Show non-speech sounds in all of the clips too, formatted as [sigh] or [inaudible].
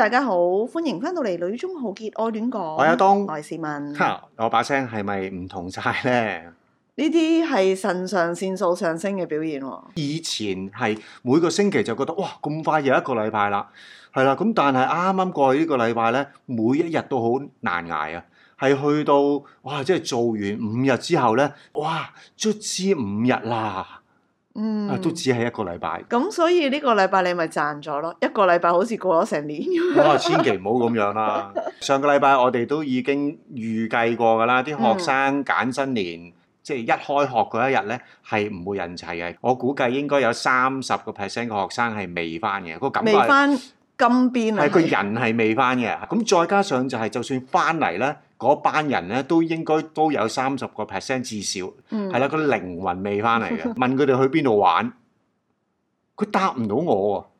大家好，歡迎翻到嚟《女中豪傑愛戀講》。我阿東，來視問。我把聲係咪唔同曬咧？呢啲係腎上腺素上升嘅表現。以前係每個星期就覺得哇，咁快又一個禮拜啦，係啦。咁但係啱啱過去呢個禮拜咧，每一日都好難捱啊。係去到哇，即係做完五日之後咧，哇，卒之五日啦。嗯，都只係一個禮拜。咁、嗯、所以呢個禮拜你咪賺咗咯，一個禮拜好似過咗成年咁、 [laughs] 哦。千祈唔好咁樣啦、啊。上個禮拜我哋都已經預計過㗎啦，啲學生揀新年，即係、嗯、一開學嗰一日咧係唔會人齊嘅。我估計應該有三十個 percent 嘅學生係未翻嘅，個感覺。未翻金邊啊？係個是是人係未翻嘅，咁再加上就係、是、就算翻嚟咧。嗰班人咧都應該都有三十個 percent 至少，係啦佢靈魂未翻嚟嘅，問佢哋去邊度玩，佢答唔到我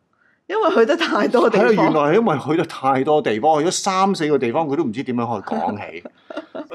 喎，因為去得太多地方。係啦，原來係因為去得太多地方，去咗三四個地方，佢都唔知點樣可以講起。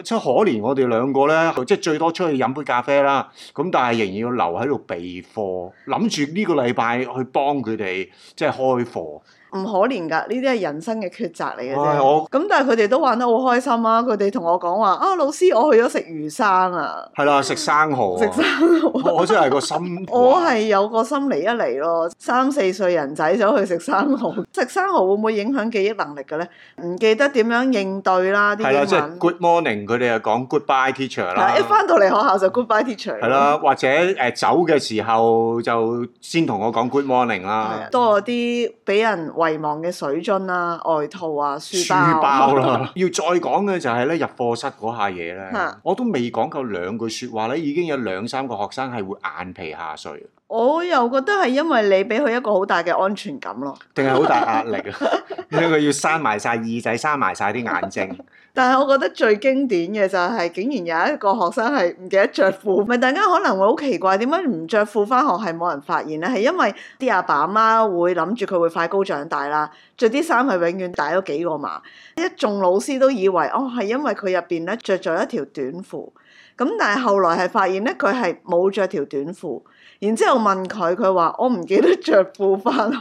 真 [laughs] 可憐我哋兩個咧，即係最多出去飲杯咖啡啦，咁但係仍然要留喺度備課，諗住呢個禮拜去幫佢哋即係開課。唔可憐㗎，呢啲係人生嘅抉擇嚟嘅啫。咁、嗯、但係佢哋都玩得好開心啊！佢哋同我講話啊，老師，我去咗食魚生啊。係啦，食生蠔、啊。食、嗯、生蠔、啊 [laughs] 哦，我真係個心。我係有個心嚟一嚟咯，三四歲人仔想去食生蠔，食 [laughs] 生蠔會唔會影響記憶能力嘅咧？唔記得點樣應對啦啲英啦，的晚即係 Good morning，佢哋又講 Goodbye teacher 啦。一翻到嚟學校就 Goodbye teacher。係啦，或者誒、呃、走嘅時候就先同我講 Good morning 啦。多啲俾人。遺忘嘅水樽啊、外套啊、書包啦，要再講嘅就係咧入課室嗰下嘢咧，哈 我都未講夠兩句說話咧，已經有兩三個學生係會眼皮下垂。我又覺得係因為你俾佢一個好大嘅安全感咯，定係好大壓力啊！ [laughs] 因為佢要閂埋晒耳仔，閂埋晒啲眼睛。 [laughs] 但係我覺得最經典嘅就係，竟然有一個學生係唔記得著褲，咪大家可能會好奇怪點解唔着褲翻學係冇人發現咧？係因為啲阿爸阿媽會諗住佢會快高長大啦，着啲衫係永遠大咗幾個碼。一眾老師都以為哦係因為佢入邊咧着咗一條短褲，咁但係後來係發現咧佢係冇着條短褲。然之後問佢，佢話：我唔記得着褲翻學。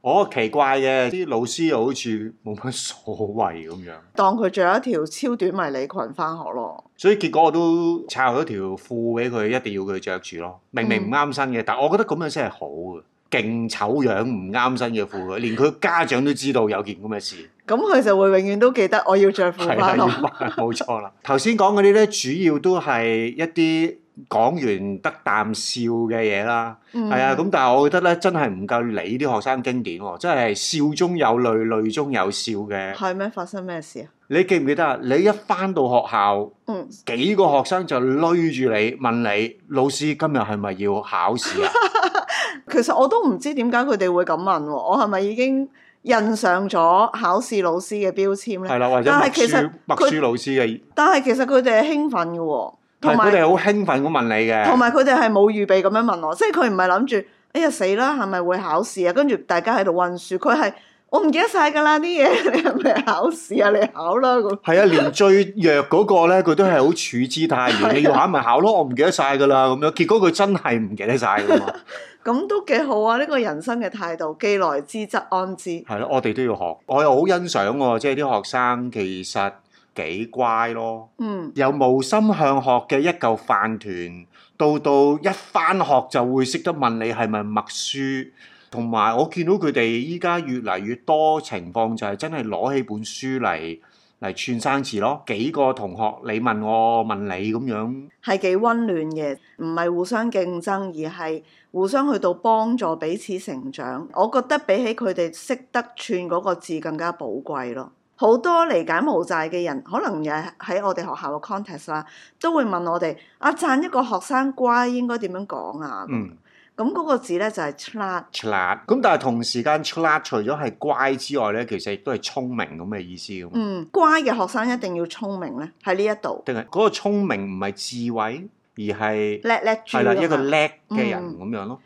我、哦、奇怪嘅，啲老師又好似冇乜所謂咁樣。當佢着一條超短迷你裙翻學咯。所以結果我都抄咗條褲俾佢，一定要佢着住咯。明明唔啱身嘅，但我覺得咁樣先係好嘅。勁醜樣，唔啱身嘅褲，佢連佢家長都知道有件咁嘅事。咁佢、 [laughs] 嗯、就會永遠都記得我要着褲翻學。冇、 [laughs] 啊、錯啦。頭先講嗰啲咧，主要都係一啲。講完得啖笑嘅嘢啦。係、嗯、啊，咁但係我覺得咧，真係唔夠理啲學生經典、哦，真係笑中有淚，淚中有笑嘅。係咩？發生咩事啊？你記唔記得啊？你一翻到學校，嗯、幾個學生就擂住你問你，老師今日係咪要考試啊？ [laughs] 其實我都唔知點解佢哋會咁問、哦，我係咪已經印上咗考試老師嘅標籤咧？係啦、啊，或者默書老師嘅。但係其實佢哋係興奮嘅、哦。同埋佢哋好興奮咁問你嘅，同埋佢哋係冇預備咁樣問我，即係佢唔係諗住哎呀死啦，係咪會考試啊？跟住大家喺度温書，佢係我唔記得晒噶啦啲嘢，你係咪考試啊？你考啦咁。係 [laughs] 啊，連最弱嗰個咧，佢都係好處之泰然、啊、你要考咪考咯，我唔記得晒噶啦咁樣。結果佢真係唔記得晒噶嘛。咁都幾好啊！呢、呢個人生嘅態度，既來之則安之。係咯、啊，我哋都要學。我又好欣賞喎、啊，即係啲學生其實。幾乖咯，嗯、由無心向學嘅一嚿飯團，到到一返學就會識得問你係咪默書，同埋我見到佢哋依家越嚟越多情況就係真係攞起本書嚟嚟串生字咯。幾個同學你問我，我問你咁樣，係幾温暖嘅，唔係互相競爭，而係互相去到幫助彼此成長。我覺得比起佢哋識得串嗰個字更加寶貴咯。好多理解柬埔寨嘅人，可能又喺我哋學校嘅 context 啦，都會問我哋：阿、啊、讚一個學生乖，應該點樣講啊？咁嗰、嗯嗯嗰個字咧就係、是、trat。r a、嗯、咁，但係同時間 trat 除咗係乖之外咧，其實亦都係聰明咁嘅意思。嗯，乖嘅學生一定要聰明咧，喺呢一度。定係嗰個聰明唔係智慧，而係叻叻係啦，一個叻嘅人咁樣咯。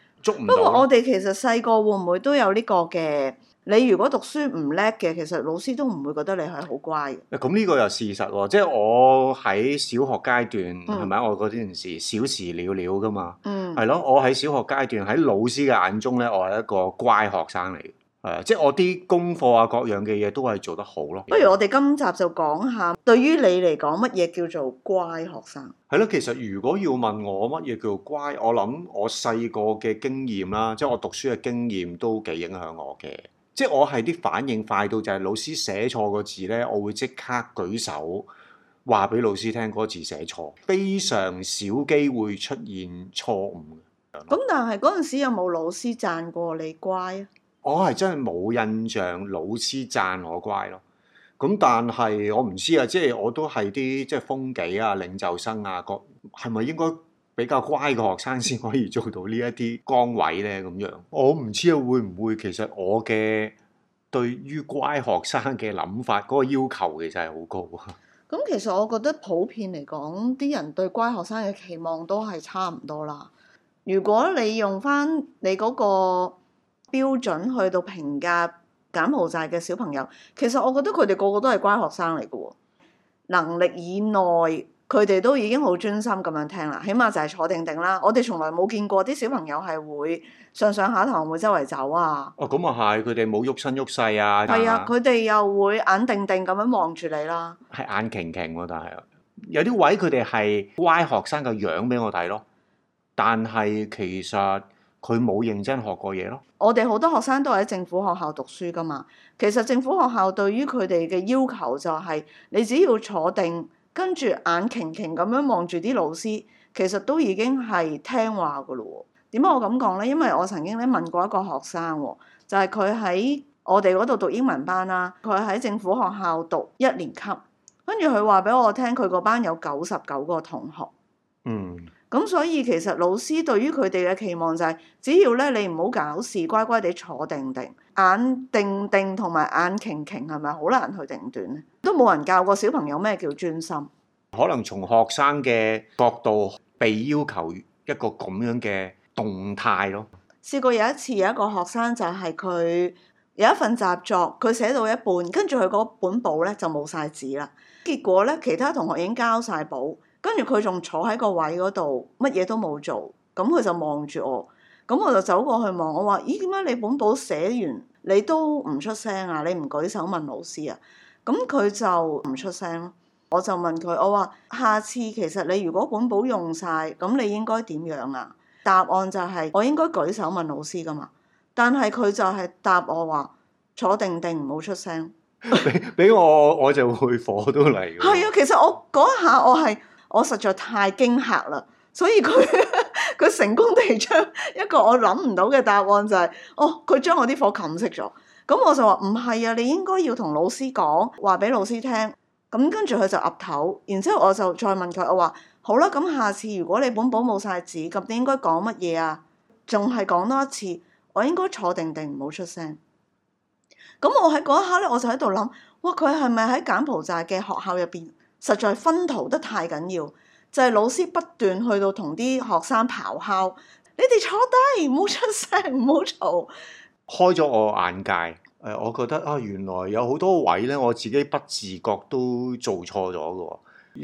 不過我哋其實細個會唔會都有呢個嘅？你如果讀書唔叻嘅，其實老師都唔會覺得你係好乖嘅。咁呢、啊、個又事實喎、啊，即係我喺小學階段係咪啊？我呢件事小事了了噶嘛，係咯、嗯。我喺小學階段喺老師嘅眼中咧，我係一個乖學生嚟嘅，誒，即係我啲功課啊各樣嘅嘢都係做得好咯。不如我哋今集就講下，對於你嚟講乜嘢叫做乖學生？係咯，其實如果要問我乜嘢叫做乖，我諗我細個嘅經驗啦，即係我讀書嘅經驗都幾影響我嘅。即係我係啲反應快到就係老師寫錯個字咧，我會即刻舉手話俾老師聽嗰個字寫錯，非常少機會出現錯誤。咁但係嗰陣時有冇老師讚過你乖啊？我係真係冇印象老師讚我乖咯。咁但係我唔知啊，即係我都係啲即係風紀啊、領袖生啊，個係咪應該？比較乖嘅學生先可以做到呢一啲崗位呢。咁樣我唔知會唔會其實我嘅，對於乖學生嘅諗法，嗰個要求其實係好高啊。咁、嗯、其實我覺得普遍嚟講，啲人對乖學生嘅期望都係差唔多啦。如果你用翻你嗰個標準去到評價柬埔寨嘅小朋友，其實我覺得佢哋個個都係乖學生嚟嘅喎，能力以內。佢哋都已經好專心咁樣聽啦，起碼就係坐定定啦。我哋從來冇見過啲小朋友係會上上下堂會周圍走啊。哦，咁啊係，佢哋冇喐身喐勢啊。係、就是、啊，佢哋、啊、但又會眼定定咁樣望住你啦、啊。係眼瞏瞏喎，但係有啲位佢哋係乖學生嘅樣俾我睇咯。但係其實佢冇認真學過嘢咯。我哋好多學生都喺政府學校讀書噶嘛。其實政府學校對於佢哋嘅要求就係你只要坐定。跟住眼瞏瞏咁樣望住啲老師，其實都已經係聽話噶咯。點解我咁講呢？因為我曾經咧問過一個學生，就係佢喺我哋嗰度讀英文班啦。佢喺政府學校讀一年級，跟住佢話俾我聽，佢個班有九十九個同學。嗯。咁所以其實老師對於佢哋嘅期望就係，只要咧你唔好搞事，乖乖地坐定定，眼定定同埋眼瞏瞏，係咪好難去定斷咧，都冇人教過小朋友咩叫專心。可能從學生嘅角度被要求一個咁樣嘅動態咯。試過有一次有一個學生就係佢有一份習作，佢寫到一半，跟住佢嗰本簿咧就冇晒紙啦。結果咧，其他同學已經交晒簿。跟住佢仲坐喺個位嗰度，乜嘢都冇做，咁佢就望住我，咁我就走過去望。我話：咦，點解你本簿寫完你都唔出聲啊？你唔舉手問老師啊？咁佢就唔出聲咯。我就問佢：我話下次其實你如果本簿用晒，咁你應該點樣啊？答案就係、是、我應該舉手問老師噶嘛。但係佢就係答我話：坐定定，唔好出聲。俾 [laughs] 我，我就會火都嚟。係啊，其實我嗰下我係。我實在太驚嚇啦，所以佢佢 [laughs] 成功地將一個我諗唔到嘅答案就係、是，哦佢將我啲火冚熄咗。咁、嗯、我就話唔係啊，你應該要同老師講話俾老師聽。咁、嗯、跟住佢就岌頭，然之後我就再問佢，我話好啦，咁下次如果你本簿冇晒紙，咁你應該講乜嘢啊？仲係講多一次，我應該坐定定，唔好出聲。咁、嗯、我喺嗰一刻咧，我就喺度諗，哇，佢係咪喺柬埔寨嘅學校入邊？實在薰陶得太緊要，就係、是、老師不斷去到同啲學生咆哮：你哋坐低，唔好出聲，唔好嘈。開咗我眼界，誒，我覺得啊，原來有好多位咧，我自己不自覺都做錯咗㗎。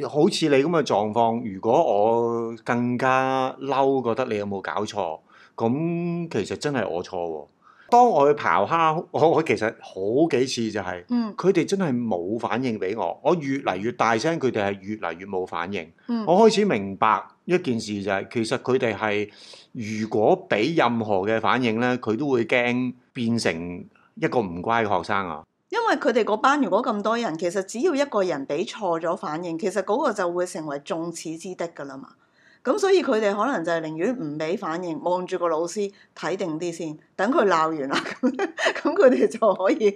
好似你咁嘅狀況，如果我更加嬲，覺得你有冇搞錯，咁其實真係我錯喎。當我去咆哮，我我其實好幾次就係、是，佢哋、嗯、真係冇反應俾我，我越嚟越大聲，佢哋係越嚟越冇反應。嗯、我開始明白一件事就係、是，其實佢哋係如果俾任何嘅反應呢，佢都會驚變成一個唔乖嘅學生啊。因為佢哋嗰班如果咁多人，其實只要一個人俾錯咗反應，其實嗰個就會成為眾矢之的㗎喇嘛。咁所以佢哋可能就係寧願唔俾反應，望住個老師睇定啲先，等佢鬧完啦。咁咁佢哋就可以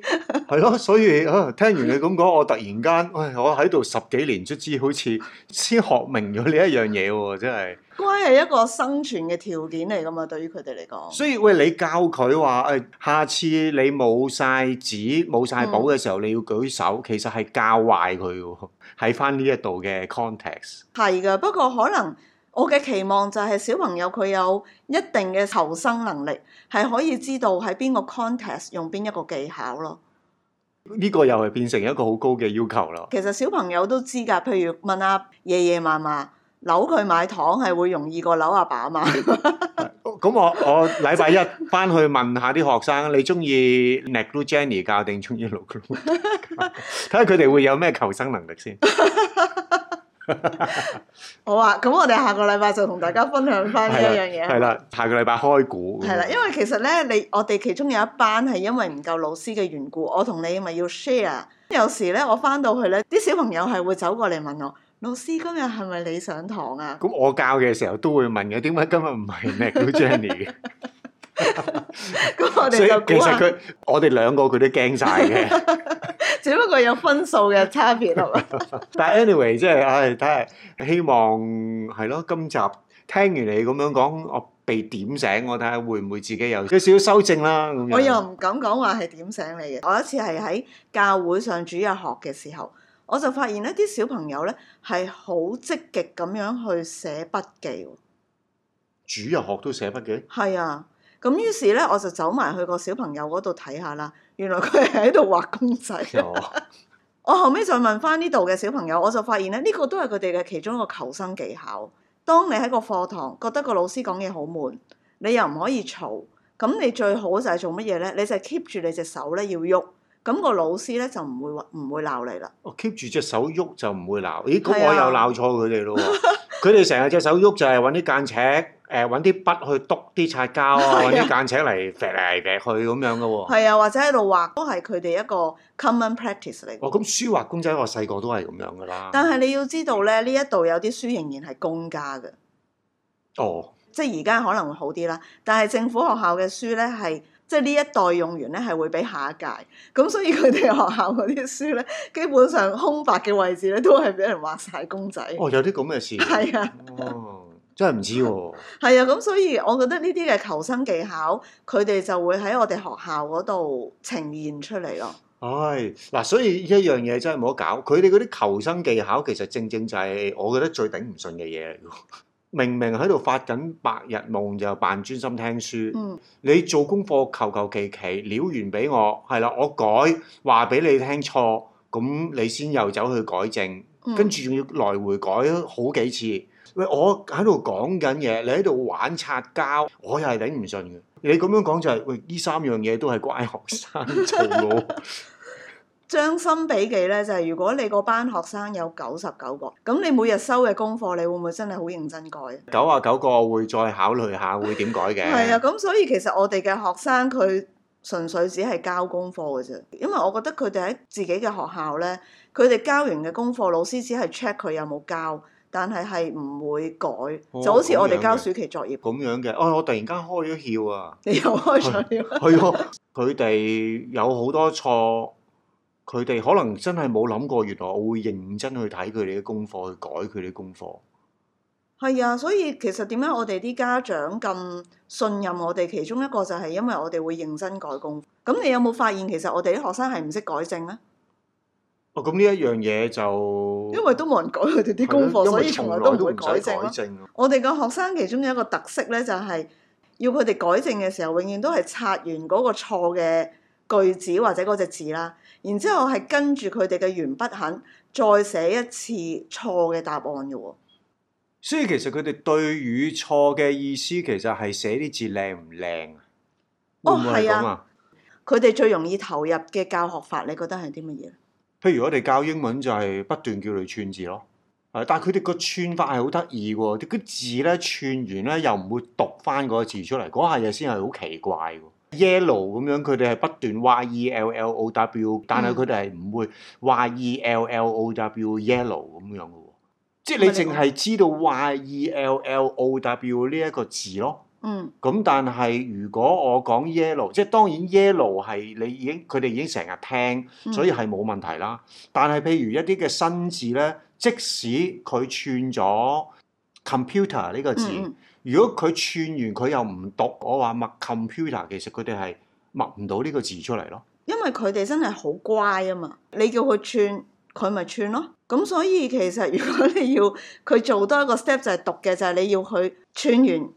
係咯。 [laughs] 所以啊，聽完你咁講，我突然間，喂、哎，我喺度十幾年卒之，好似先學明咗呢一樣嘢喎，真係。乖係一個生存嘅條件嚟㗎嘛，對於佢哋嚟講。所以喂，你教佢話誒，下次你冇晒紙冇晒簿嘅時候，嗯、你要舉手，其實係教壞佢喎。喺翻呢一度嘅 context 係㗎，不過可能。我嘅期望就係小朋友佢有一定嘅求生能力，係可以知道喺邊個 context 用邊一個技巧咯。呢個又係變成一個好高嘅要求啦。其實小朋友都知㗎，譬如問阿爺爺嫲嫲，扭佢買糖係會容易過扭阿爸啊嘛。咁我我禮拜一翻去問下啲學生，你中意 Naglu Jenny 教定中意 Loglu Jenny 教？睇下佢哋會有咩求生能力先。 [laughs] [laughs] 好啊，咁，我哋下個禮拜就同大家分享翻呢一樣嘢。係啦、啊啊，下個禮拜開估。係啦、啊，因為其實咧，你我哋其中有一班係因為唔夠老師嘅緣故，我同你咪要 share。有時咧，我翻到去咧，啲小朋友係會走過嚟問我：老師今日係咪你上堂啊？咁 [laughs] 我教嘅時候都會問嘅，點解今日唔係咩？Johnny 嘅。咁我哋又，其實佢 [laughs] 我哋兩個佢都驚晒嘅。 [laughs] 只不過有分數嘅差別係嘛？但係 anyway，即係唉，睇下希望係咯。今集聽完你咁樣講，我被點醒，我睇下會唔會自己有少少修正啦。咁我又唔敢講話係點醒你嘅。我一次係喺教會上主日學嘅時候，我就發現一啲小朋友咧，係好積極咁樣去寫筆記。主日學都寫筆記？係啊，咁於是咧，我就走埋去個小朋友嗰度睇下啦。原來佢係喺度畫公仔。 [laughs] 我後尾再問翻呢度嘅小朋友，我就發現咧，呢個都係佢哋嘅其中一個求生技巧。當你喺個課堂覺得個老師講嘢好悶，你又唔可以嘈，咁你最好就係做乜嘢咧？你就係 keep 住你隻手咧要喐，咁個老師咧就唔會唔會鬧你啦。哦，keep 住隻手喐就唔會鬧。咦，咁我又鬧錯佢哋咯。佢哋成日隻手喐就係揾啲間尺，誒，搵啲、呃、筆去篤啲擦膠啊，搵啲、啊、間尺嚟劈嚟劈去咁樣㗎喎、啊。係啊，或者喺度畫都係佢哋一個 common practice 嚟。哦，咁書畫公仔我、啊，我細個都係咁樣㗎啦。但係你要知道咧，呢一度有啲書仍然係公家嘅。哦。即係而家可能會好啲啦，但係政府學校嘅書咧係，即係呢一代用完咧係會俾下一屆，咁所以佢哋學校嗰啲書咧，基本上空白嘅位置咧都係俾人畫晒公仔。哦，有啲咁嘅事。係啊。哦。真係唔知喎，係啊，咁所以，我覺得呢啲嘅求生技巧，佢哋就會喺我哋學校嗰度呈現出嚟咯、啊。唉，嗱，所以一樣嘢真係冇得搞，佢哋嗰啲求生技巧其實正正就係我覺得最頂唔順嘅嘢嚟。 [laughs] 明明喺度發緊白日夢，就扮專心聽書。嗯，你做功課求求其其，潦完俾我，係啦，我改話俾你聽錯，咁你先又走去改正，嗯、跟住仲要來回改好幾次。喂，我喺度講緊嘢，你喺度玩擦膠，我又係頂唔順嘅。你咁樣講就係，喂，呢三樣嘢都係乖學生做咯。將心比己呢，就係如果你嗰班學生有九十九個，咁你每日收嘅功課，你會唔會真係好認真改？九十九個，我會再考慮下會點改嘅。係啊，咁所以其實我哋嘅學生佢純粹只係交功課嘅啫，因為我覺得佢哋喺自己嘅學校呢，佢哋交完嘅功課，老師只係 check 佢有冇交。但係係唔會改，哦、就好似我哋交暑期作業咁、哦、樣嘅。哦，我突然間開咗竅啊！你又開咗竅、啊？係喎 [laughs] 佢哋有好多錯，佢哋可能真係冇諗過，原來我會認真去睇佢哋嘅功課，去改佢哋功課。係啊，所以其實點解我哋啲家長咁信任我哋？其中一個就係因為我哋會認真改功。咁你有冇發現其實我哋啲學生係唔識改正呢？哦，咁呢一樣嘢就因為都冇人改佢哋啲功課，所以從來都唔會改正咯。我哋嘅學生其中有一個特色咧，就係要佢哋改正嘅時候，永遠都係擦完嗰個錯嘅句子或者嗰隻字啦，然之後係跟住佢哋嘅鉛筆痕再寫一次錯嘅答案嘅喎。所以其實佢哋對與錯嘅意思，其實係寫啲字靚唔靚啊？哦，係啊，佢哋最容易投入嘅教學法，你覺得係啲乜嘢？譬如我哋教英文就係、是、不斷叫你串字咯，啊！但係佢哋個串法係好得意喎，啲個字咧串完咧又唔會讀翻個字出嚟，嗰下嘢先係好奇怪喎。Yellow 咁樣佢哋係不斷 Y E L L O W，但係佢哋係唔會 Y E L L O W、嗯、yellow 咁樣嘅喎，即係你淨係知道 Y E L L O W 呢一個字咯。嗯，咁但係如果我講 yellow，即係當然 yellow 係你已經佢哋已經成日聽，所以係冇問題啦。嗯、但係譬如一啲嘅新字咧，即使佢串咗 computer 呢個字，嗯、如果佢串完佢又唔讀，我話默 computer，其實佢哋係默唔到呢個字出嚟咯。因為佢哋真係好乖啊嘛，你叫佢串，佢咪串咯。咁所以其實如果你要佢做多一個 step 就係讀嘅，就係、係、你要佢串完。嗯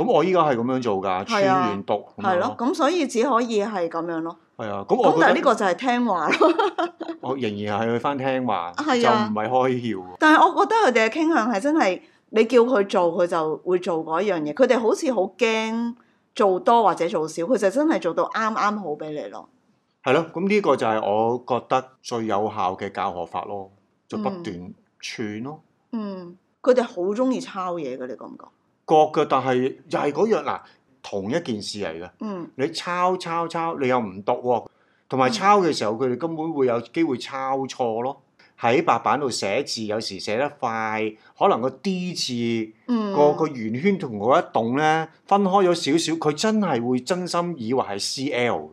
咁我依家係咁樣做㗎，串完讀。係咯，咁、啊、所以只可以係咁樣咯。係啊，咁我，但 我覺。咁得呢個就係聽話咯。 [laughs] 我仍然係去翻聽話，啊、就唔係開竅。但係我覺得佢哋嘅傾向係真係，你叫佢做佢就會做嗰樣嘢。佢哋好似好驚做多或者做少，佢就真係做到啱啱好俾你咯。係咯、啊，咁呢個就係我覺得最有效嘅教學法咯，就不斷串咯，嗯。嗯，佢哋好中意抄嘢嘅，你覺唔覺？覺嘅，但係又係嗰樣嗱，同一件事嚟嘅。嗯、你抄抄抄，你又唔讀喎、哦，同埋抄嘅時候，佢哋根本會有機會抄錯咯。喺白板度寫字，有時寫得快，可能個 D 字個個圓圈同嗰一棟咧分開咗少少，佢真係會真心以為係 C L，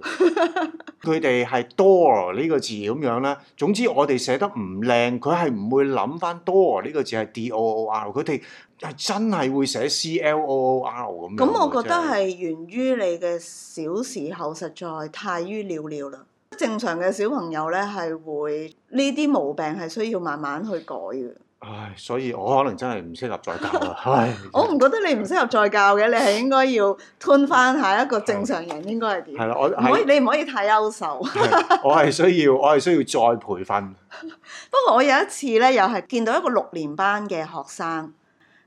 佢哋係 door 呢個字咁樣啦。總之我哋寫得唔靚，佢係唔會諗返 door 呢個字係 D O O R，佢哋係真係會寫 C L O O R 咁樣。咁我覺得係源於你嘅小時候實在太於了了啦。正常嘅小朋友咧，係會呢啲毛病係需要慢慢去改嘅。唉，所以我可能真係唔適合再教啦。唉，我唔覺得你唔適合再教嘅，你係應該要吞翻下一個正常人，嗯、應該係點？係啦，嗯，我、啊、可以，你唔可以太優秀。啊啊，我係需要，我係需要再培訓。 [laughs] [laughs] 不過我有一次咧，又係見到一個六年班嘅學生，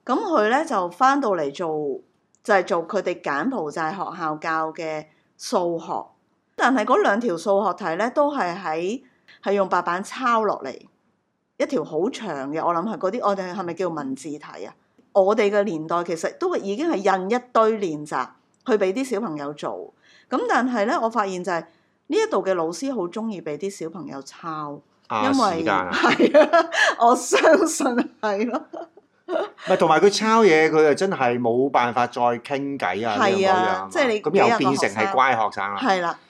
咁佢咧就翻到嚟做，就係、是、做佢哋柬埔寨學校教嘅數學。 [music] 但係嗰兩條數學題咧，都係喺係用白板抄落嚟一條好長嘅。我諗係嗰啲，我哋係咪叫文字題啊？我哋嘅年代其實都已經係印一堆練習去俾啲小朋友做。咁但係咧，我發現就係呢一度嘅老師好中意俾啲小朋友抄，因為係啊，啊， [laughs] 啊，我相信係咯。唔係同埋佢抄嘢，佢又真係冇辦法再傾偈啊，呢 [music] 啊，即係你咁又變成係乖學生啦，係啦是、啊。 [laughs]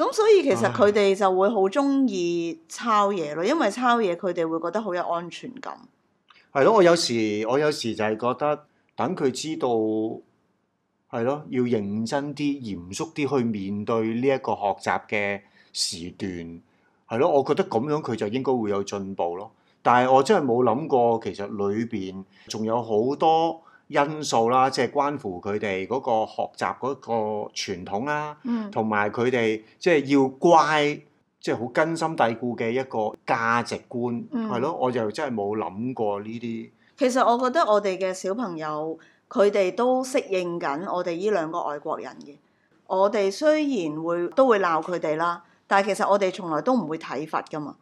咁所以其實佢哋就會好中意抄嘢咯，因為抄嘢佢哋會覺得好有安全感。係咯，我有時我有時就係覺得等佢知道，係咯，要認真啲、嚴肅啲去面對呢一個學習嘅時段係咯。我覺得咁樣佢就應該會有進步咯。但係我真係冇諗過，其實裏邊仲有好多因素啦，即係關乎佢哋嗰個學習嗰個傳統啦，同埋佢哋即係要乖，即係好根深蒂固嘅一個價值觀，係咯、嗯，我就真係冇諗過呢啲。其實我覺得我哋嘅小朋友，佢哋都適應緊我哋呢兩個外國人嘅。我哋雖然會都會鬧佢哋啦，但係其實我哋從來都唔會體罰噶嘛。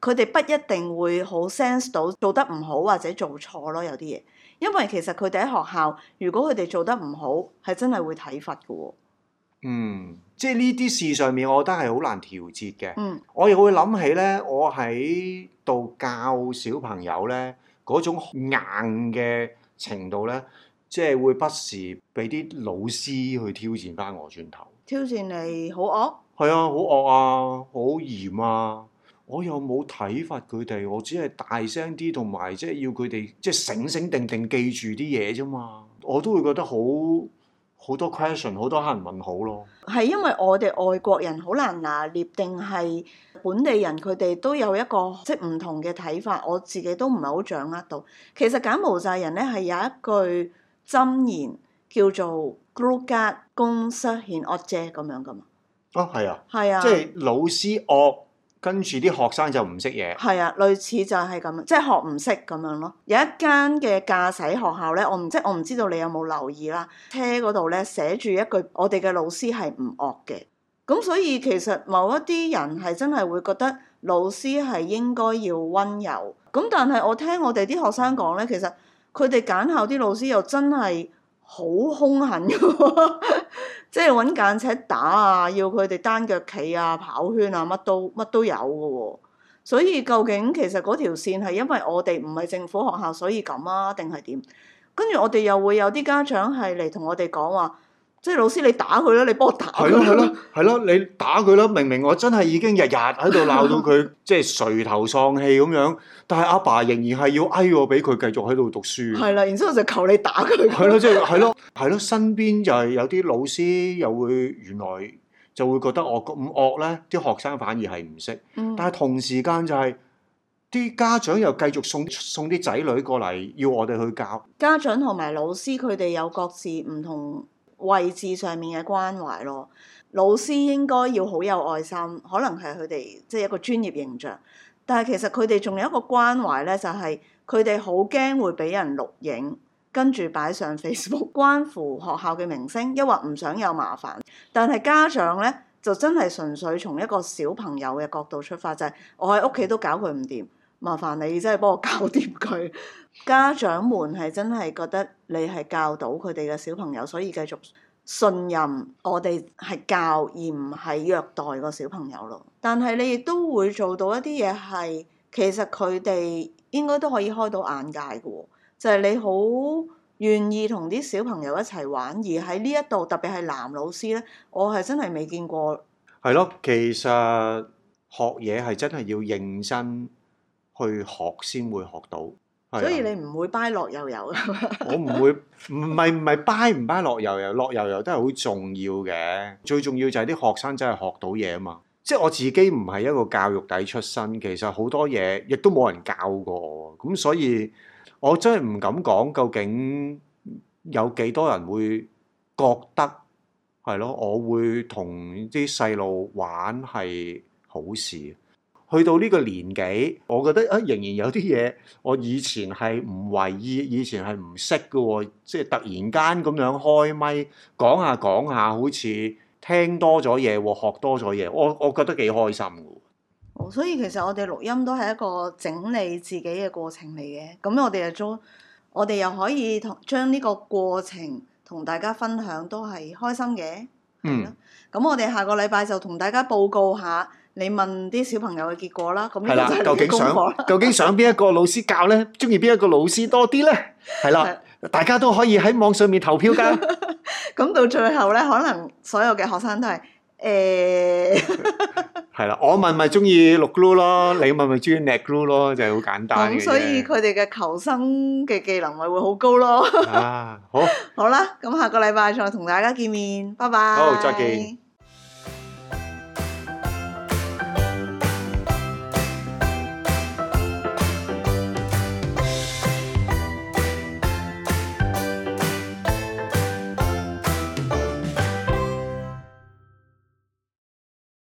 佢哋不一定會好 sense 到做得唔好或者做錯咯，有啲嘢，因為其實佢哋喺學校，如果佢哋做得唔好，係真係會體罰嘅。嗯，即係呢啲事上面，我覺得係好難調節嘅。嗯，我亦會諗起咧，我喺度教小朋友咧嗰種硬嘅程度咧，即係會不時俾啲老師去挑戰翻我轉頭。挑戰你好惡？係啊，好惡啊，好嚴啊！我又冇睇法佢哋，我只係大聲啲同埋，即係要佢哋即係醒醒定定記住啲嘢啫嘛。我都會覺得好好多 question，好多客人問號咯。係因為我哋外國人好難拿捏定係本地人，佢哋都有一個即係唔同嘅睇法。我自己都唔係好掌握到。其實柬埔寨人咧係有一句箴言叫做「Gruca cung 國家公失欠惡賊」咁樣噶嘛。哦，係啊，係啊，即係老師惡。跟住啲學生就唔識嘢，係啊，類似就係咁，即係學唔識咁樣咯。有一間嘅駕駛學校咧，我唔即係我唔知道你有冇留意啦。車嗰度咧寫住一句，我哋嘅老師係唔惡嘅。咁所以其實某一啲人係真係會覺得老師係應該要溫柔。咁但係我聽我哋啲學生講咧，其實佢哋揀校啲老師又真係好兇狠嘅。 [laughs] 即係揾間尺打啊，要佢哋單腳企啊、跑圈啊，乜都乜都有嘅喎，哦。所以究竟其實嗰條線係因為我哋唔係政府學校，所以咁啊，定係點？跟住我哋又會有啲家長係嚟同我哋講話。即係老師，你打佢啦！你幫我打。係咯，係咯，係咯！你打佢啦！明明我真係已經日日喺度鬧到佢，即係垂頭喪氣咁樣。但係阿爸仍然係要哀我俾佢繼續喺度讀書。係啦，然之後就求你打佢。係咯，即係係咯，係咯。身邊就係有啲老師又會原來就會覺得我咁惡咧，啲學生反而係唔識。嗯。但係同時間就係，啲家長又繼續送送啲仔女過嚟，要我哋去教。家長同埋老師佢哋有各自唔同。位置上面嘅關懷咯，老師應該要好有愛心，可能係佢哋即係一個專業形象。但係其實佢哋仲有一個關懷咧，就係佢哋好驚會俾人錄影，跟住擺上 Facebook 關乎學校嘅名聲，抑或唔想有麻煩。但係家長咧就真係純粹從一個小朋友嘅角度出發，就係、是、我喺屋企都搞佢唔掂。麻煩你真係幫我教掂佢，家長們係真係覺得你係教到佢哋嘅小朋友，所以繼續信任我哋係教而唔係虐待個小朋友咯。但係你亦都會做到一啲嘢係，其實佢哋應該都可以開到眼界嘅，哦，就係、是、你好願意同啲小朋友一齊玩，而喺呢一度特別係男老師咧，我係真係未見過。係咯，其實學嘢係真係要認真。去學先會學到，啊、所以你唔會掰落遊遊我唔會，唔係唔係掰唔掰落遊遊，落遊遊都係好重要嘅。最重要就係啲學生真係學到嘢啊嘛！即係我自己唔係一個教育底出身，其實好多嘢亦都冇人教過我，咁所以我真係唔敢講究竟有幾多人會覺得係咯、啊？我會同啲細路玩係好事。去到呢個年紀，我覺得啊，仍然有啲嘢我以前係唔為意，以前係唔識㗎喎，即係突然間咁樣開咪講下講下，好似聽多咗嘢喎，學多咗嘢，我我覺得幾開心嘅。哦，所以其實我哋錄音都係一個整理自己嘅過程嚟嘅，咁我哋又做，我哋又可以同將呢個過程同大家分享都係開心嘅。嗯，咁我哋下個禮拜就同大家報告下。你問啲小朋友嘅結果啦，咁呢個就係個結果啦。究竟想，究竟想邊一個老師教咧，中意邊一個老師多啲咧？係啦，大家都可以喺網上面投票㗎。咁到最後咧，可能所有嘅學生都係誒。係啦，我問咪中意綠 glue 咯，你問咪中意 black glue 咯，就係好簡單嘅。咁所以佢哋嘅求生嘅技能咪會好高咯。啊，好，好啦，咁下個禮拜再同大家見面，拜拜。好，再見。